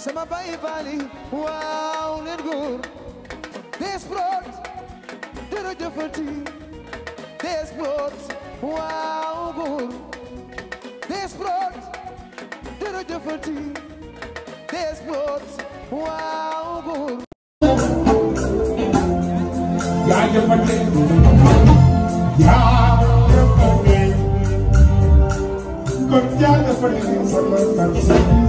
sama baay bali waaw leen góor des prods dara jëfati des prods waaw góor des prods dara jëfati des prods waaw góor yaa jëfati yaa jëfati kon yaa jëfati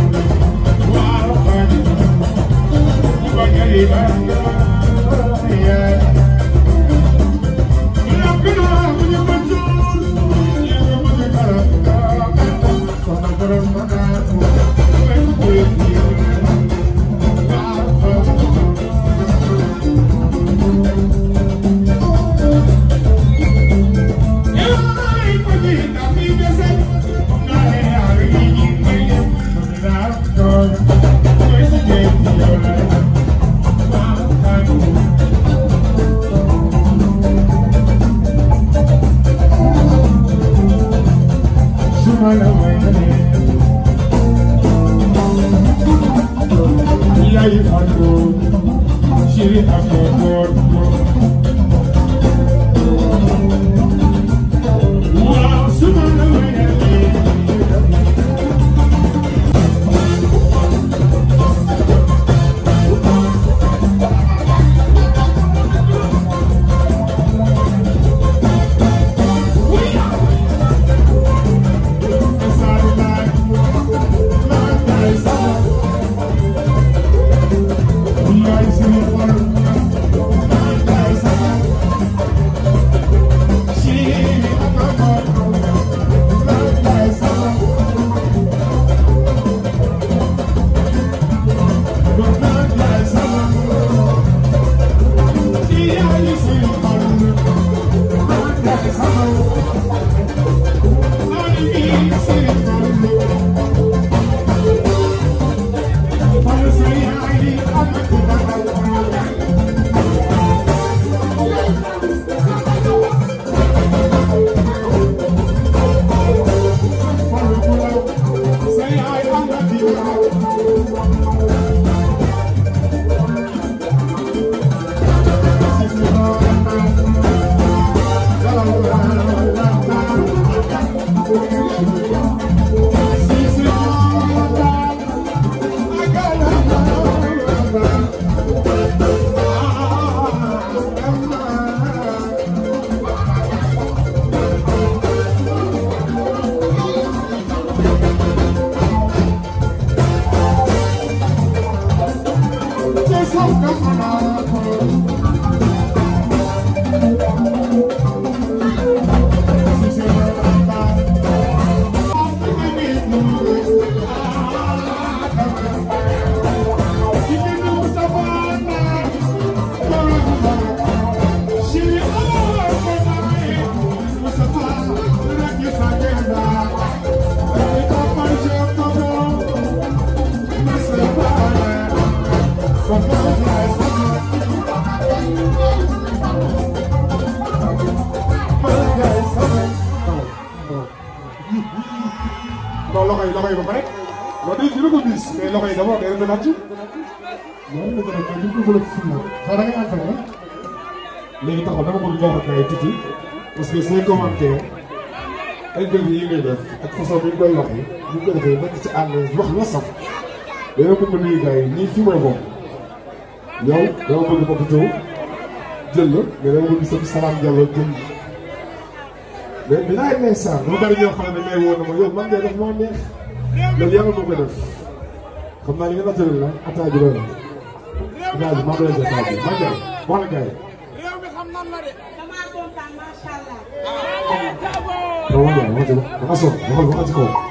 وكلمة يا Thank you. loxo yi loxo yi ba pare loolu loxo yi d'abord day doon la gën a kii ñu ko bëgg a fii moom. waaw da ngay entraîné. léegi taxaw dama bëgg jox ak yi ngay def ak façon yi bu ñu ko defee nekk ci ànd wax la saf dana bëgg la mais dama bëgg sëñ Salam Diallo mais bi laay neex sax ba bari ñoo xam ne mais woo na ma yow man de daf moo neex loolu yàlla moo koy def xam naa li nga nattali la attaque bi loolu la. attaque bi maa ngi lay def attaque bi maa ngi lay wax la gars yi. waaw waaw waaw waaw waaw waaw waaw waaw waaw waaw waaw waaw waaw waaw waaw waaw waaw waaw waaw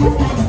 Thank you.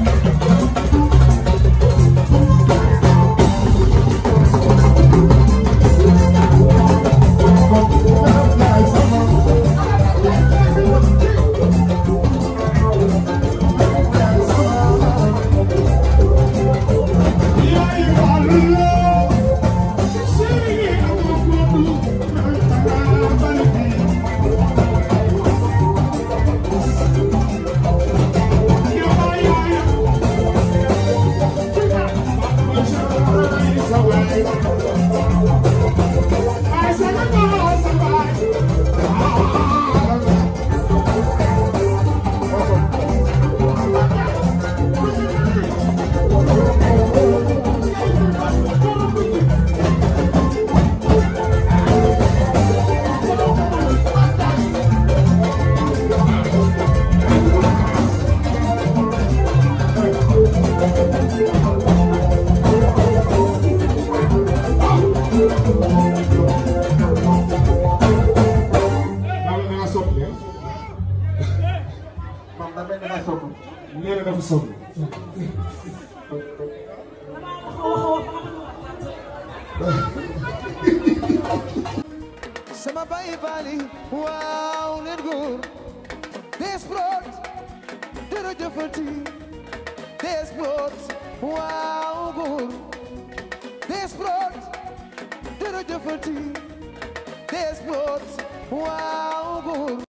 da mel waaw leen góor des prods dara waaw góor des prods dara jëfati waaw góor